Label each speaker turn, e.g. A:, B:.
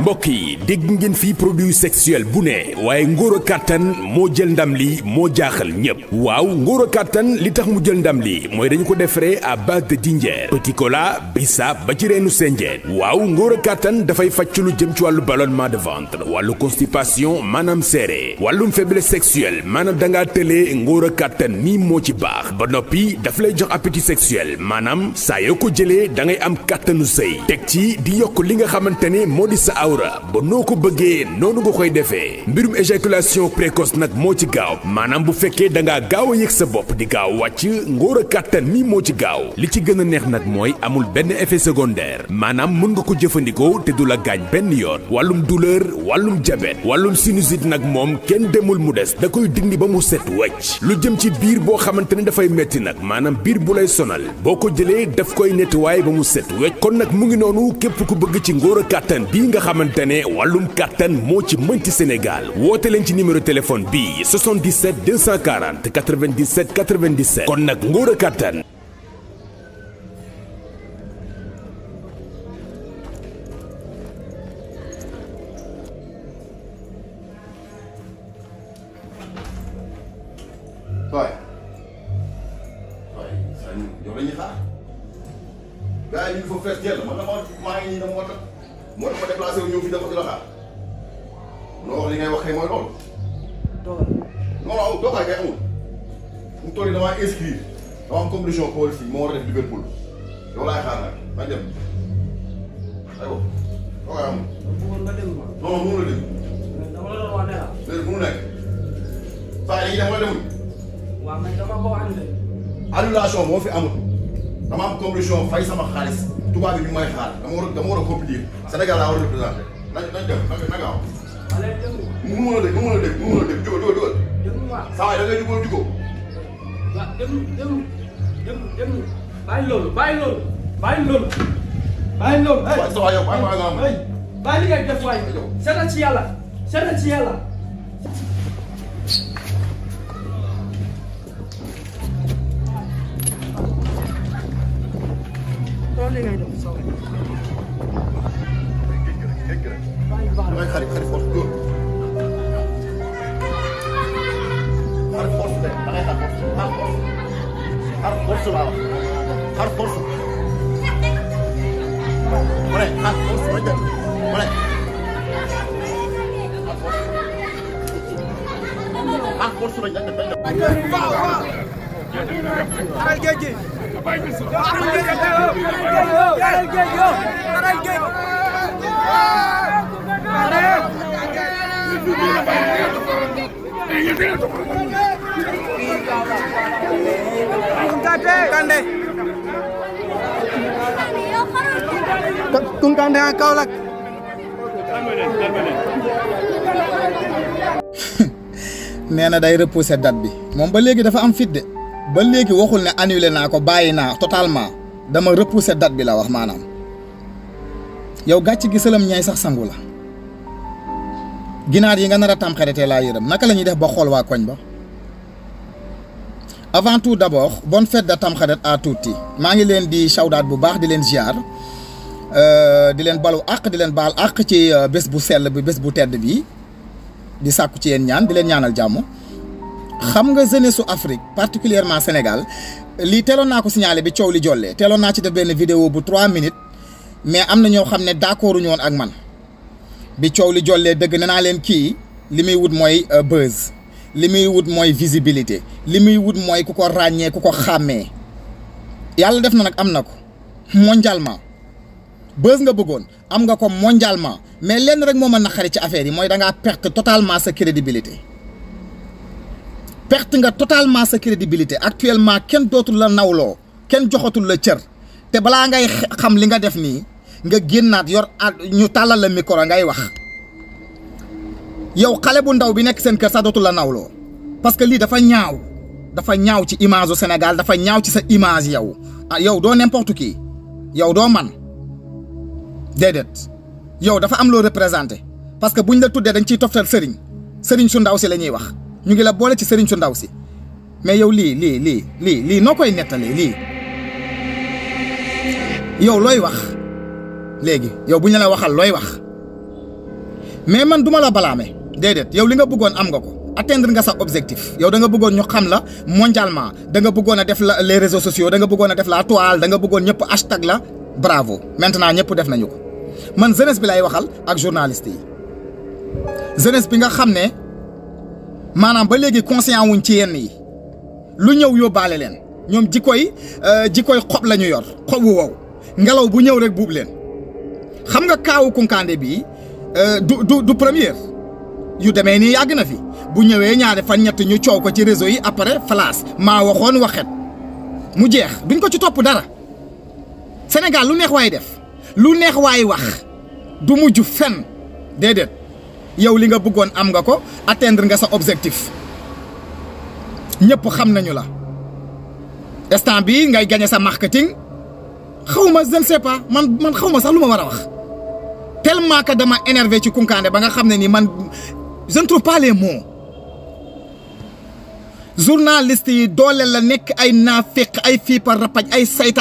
A: mbokk yi dégg ngeen fii produit sexuel bu ne waaye ngóor kàttan moo jël ndam li moo jaaxal ñépp waaw ngóor kàttan li tax mu jël ndam li mooy dañu ko defaree à base de dinjeer petit cola bisaab ba ci reenu senjeen waaw ngóor kàttan dafay fàcc lu jëm ci wàllu ballonnement de ventre wàllu constipation maanaam seere wàllum faiblesse sexuelle maanaam dangaa tële ngóor kàttan nii moo ci baax ba noppi dafa lay jox appétit sexuel maanaam saa yoo ko jëlee da ngay am kàttanu sëy awra ba noo ko bëggee noonu nga koy defee mbirum éjaculation précoce nag moo ci gaaw maanaam bu fekkee da ngaa gaaw a yëg sa bopp di gaaw wàcc ngóor a kàttan mi moo ci gaaw li ci gën a neex nag mooy amul benn effet secondaire maanaam mën nga ko jëfandikoo te du la gaañ benn yoon wàllum douleur wàllum diabète wàllum sinusite nag moom kenn demul mu des da koy dindi ba mu set wecc lu jëm ci biir boo xamante ne dafay metti nag maanaam biir bu lay sonal boo ko jëlee daf koy nettiwaay ba mu set kon nag mu ngi noonu képp bëgg ci ngóor kàttan xamante ne wàllum kàttan moo ci mënti Sénégal woote leen ci numéro téléphone bi 77 240 97 97 kon nag ngóor a kàttan
B: waaye waaye ngi foofu fees mooy dafa déplacé wu ñëw fii dafa di la xaar loo wax li ngay wax kay mooy loolu. dogal non non doogaay kay amul mu toll damaa inscrire dama am compétition Paul fii moo war a def Liverpool yow laay xaar nag maa ngi dem aywa doogaay amul. bëggoon nga déglu ma. non non mënu la déglu. dama la doon mu nekk saa yi dañuy dem wala demul. waaw mais dama ko annulé. annulation moo fi amul. dama am condition fay sama xaalis tubaab bi ñu may xaar dama war a dama war a compétir Sénégal laa war a représenté nañ nañ def na nga am. mu mën a dégg mu mën a dégg mu mën a dégg jógal jógal
A: jógal. déglu waaw saa waay da ngay jubóo jubóo. waaw déglu déglu déglu déglu bàyyi loolu bàyyi loolu bàyyi loolu. bàyyi loolu. waaw sa waay yow bàyyi maa nga am. bàyyi li ngay def waay. seetal ci yàlla seetal ci yàlla. li ngay def.
B: xarit xarit force dóor. xarit force de da ngay xaar force xaar force. xaar force laa wax xaar force. mu ne xaar force ma jël mu ne. xaar force ma jël.
A: waaw waaw. Koungkandé ak Kaolack
B: nee na day repousser date bi moom ba léegi dafa am fit de ba léegi waxul ne annulé naa ko bàyyi naa totalement dama repousser date bi laa wax maanaam yow gàcc gi sëlam ñaay sax sangu la ginaar yi nga nar a tam xaritee laa yërëm naka la ñuy def ba xool waa koñ ba avant tout d'abord bon fête de tamxarit à tuuti maa ngi leen di sawdaat bu baax di leen ziar euh, di leen balu àq di leen baal àq ci euh, bés bu sell bi bés bu tedd bi di sàkku ci yéen ñaan di leen ñaanal jàmm xam nga jeunesse su Afrique particulièrement Sénégal lii teeloon naa ko signalé bi coow li jollee teeloon naa ci def benn vidéo bu trois minutes mais am na ñoo xam ne d'accordu ñu woon ak man bi coow li jollee dëgg ne naa leen kii li muy wut mooy euh, buzz li muy wut mooy visibilité li muy wut mooy ku ko ràññee ku ko xàmmee yàlla def na nag am na ko mondialement buzz nga bëggoon am nga ko mondialement mais lenn rek moo ma naqari ci affaire yi mooy da perte totalement sa crédibilité perte nga totalement sa crédibilité actuellement kenn dootul la nawloo kenn joxatul la cër te balaa ngay xam li nga def nii nga génnaat yor at ñu tàllal la micro ngay wax yow xale bu ndaw bi nekk seen kër sax dootul la nawloo parce que lii dafa ñaaw dafa ñaaw ci image au Sénégal dafa ñaaw ci sa image yow ah yow doo n'importe qui yow doo man déedéet yow dafa am loo représenté parce que buñ la tuddee dañ ciy toftal sëriñ sëriñ su ndaw si la ñuy wax. ñu ngi la boole ci sëriñ su ndaw si mais yow lii lii lii lii lii noo koy nettalee lii yow looy wax léegi yow bu ñu la waxal looy wax mais man duma la balaame déedéet yow li nga bëggoon am nga ko atteindre nga sa objectif yow da nga bëggoon ñu xam la mondialement da nga bëggoon a def la les réseaux sociaux danga bëggoon a def la toile da nga bëggoon ñëpp hashtag la bravo maintenant ñëpp def nañu ko man jeunesse bi lay waxal ak journaliste yi jeunesse bi nga xam ne maanaam ba léegi conscient wuñ ci yenn yi lu ñëw yóbbaale leen ñoom jikkoy euh, jikkoy xob la ñu yor xob wu wow ngelaw bu ñëw rek buub leen xam nga kaawu kunkaande bii euh, du du du première yu demee nii yàgg na fi bu ñëwee ñaari fan ñett ñu coow ko ci réseau yi après falaas maa waxoon waxet mu jeex duñ ko ci topp dara Sénégal lu neex waay def lu neex waay wax du mujj fenn déedéet. yow li nga bëggoon am nga ko atteindre nga sa objectif ñëpp xam nañu la instant bi ngay gagné sa marketing xaw ma je ne man man xaw ma sax lu war a wax tellement que dama énervé ci kunkaande ba nga xam ne ni man je ne trouve pas les mots journaliste yi doole la nekk ay naaféq ay fiipar rapaj ay sayta